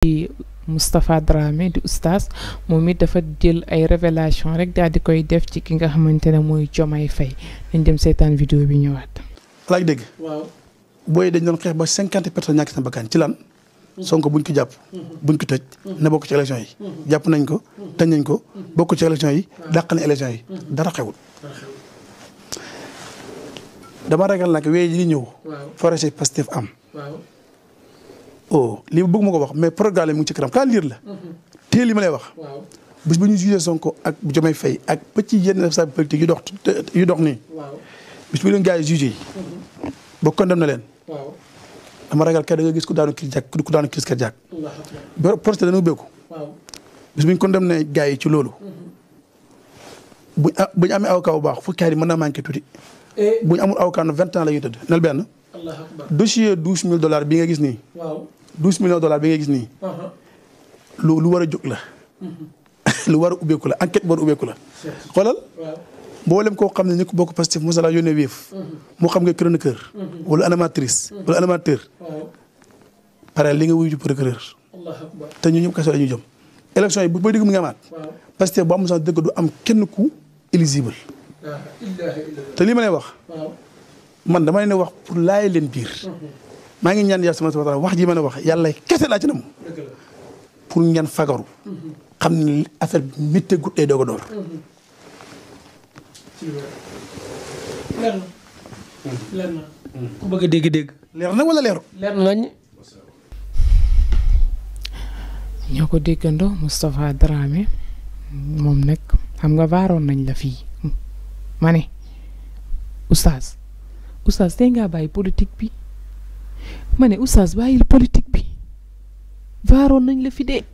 ci Moustapha Dramé di oustaz moom it dafa jël ay révélation rek daal di koy def ci ki nga xamante ne mooy Diomaye Faye dañ dem seetaan vidéo bi ñëwaat laaj dégg waaw booy dañ doon xeex ba cinquante personnes ñàkk sa bakkan ci lan mm-hmm. Sonko buñ ko jàpp mm-hmm. buñ ko tëj mm-hmm. na bokk ci élection yi jàpp nañ ko tëj nañ ko bokk ci élection yi dàq na élection yi dara xewul dama ragal nag wéy yi ñëw forage Pastef am oh li bëgg ma ko wax mais programme mu ngi ci kanam calendrier la. Mhm. teel li ma lay wax. waaw bés bu ñu jugee Sonko ak Diomaye Faye ak petit yenn responsable politique yu dox yu dox nii. waaw bés bu leen gars yi jugee. Mhm. ba leen. waaw dama ragal kay da nga gis ku daanu kii jàkk ku daanu kii kër jàkk. waaw procès dana ubbeeku. waaw bés bu ñu condamné gars yi ci loolu. buñ a buñ amee avocat bu baax fukki at yi mën naa manqué tuuti. Eh. buñ amul avocat vingt ans la ñuy tëdd nal benn. dossier bi nga gis nii. 12 millions de dollars bi ngay gis uh-huh. lu la. Mm-hmm. lu la enquête de a la. xoolal. moi, koo ne suis ko bokk Moussa laa yónnee wéef. moo mm-hmm. xam nga chroniqueur. Mm-hmm. wala wala animateur. li procureur. ñu la jëm. élection yi bu du am kenn ku éligible. je li ma pour laay maa ngi ñaan yàlla subhanahu wa taala wax ji ma a wax yàlla kese laa ci nam pour ngeen fagaru xam ne affaire bi métti gut day a door leer na leer na ku bëgg a dégg-dégg leer na wala leeru nañ ñoo ko déggandoo Moustapha Dramé moom nekk xam nga waaroon nañ la fii ma ne oustaz oustaz tey ngaa bàyyi politique bi ma ne bàyyil politique bi vaaroon nañ la fi dee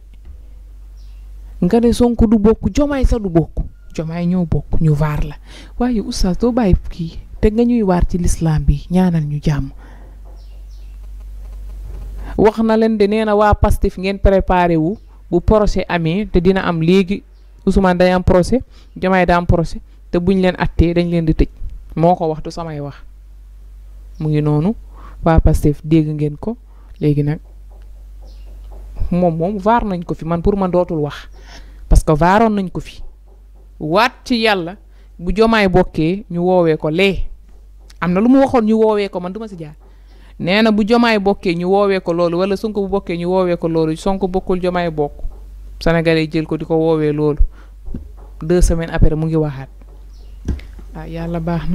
nga ne Sonko du bokk jomaay sa du bokk jomaay ñoo bokk ñu vaar la waaye oustaz doo bàyyi kii te nga ñuy waar ci lislaam bi ñaanal ñu jàmm wax na leen de nee na waa Pastef ngeen préparé wu bu procès amee te dina am léegi Ousmane day am procès Diomaye da procès te buñ leen attee dañ leen di tëj moo ko wax du samay wax mu ngi noonu waa Pastef deg ngeen ko legi nak mom mom vaar nañ ko fi man pour man dotul wax parce que vaaroon nañ ko fi wat ci yàlla bu jomay bokke ñu wowe ko le amna lu mu waxon ñu wowe ko man duma ci jaar nee bu jomay bokke ñu wowe ko lolu wala Sonko bu bokke ñu wowe ko lolu Sonko bokul jomay bokk Sénégalais jël ko di wowe lolu deux semaines après mu ngi waxat ah yalla baax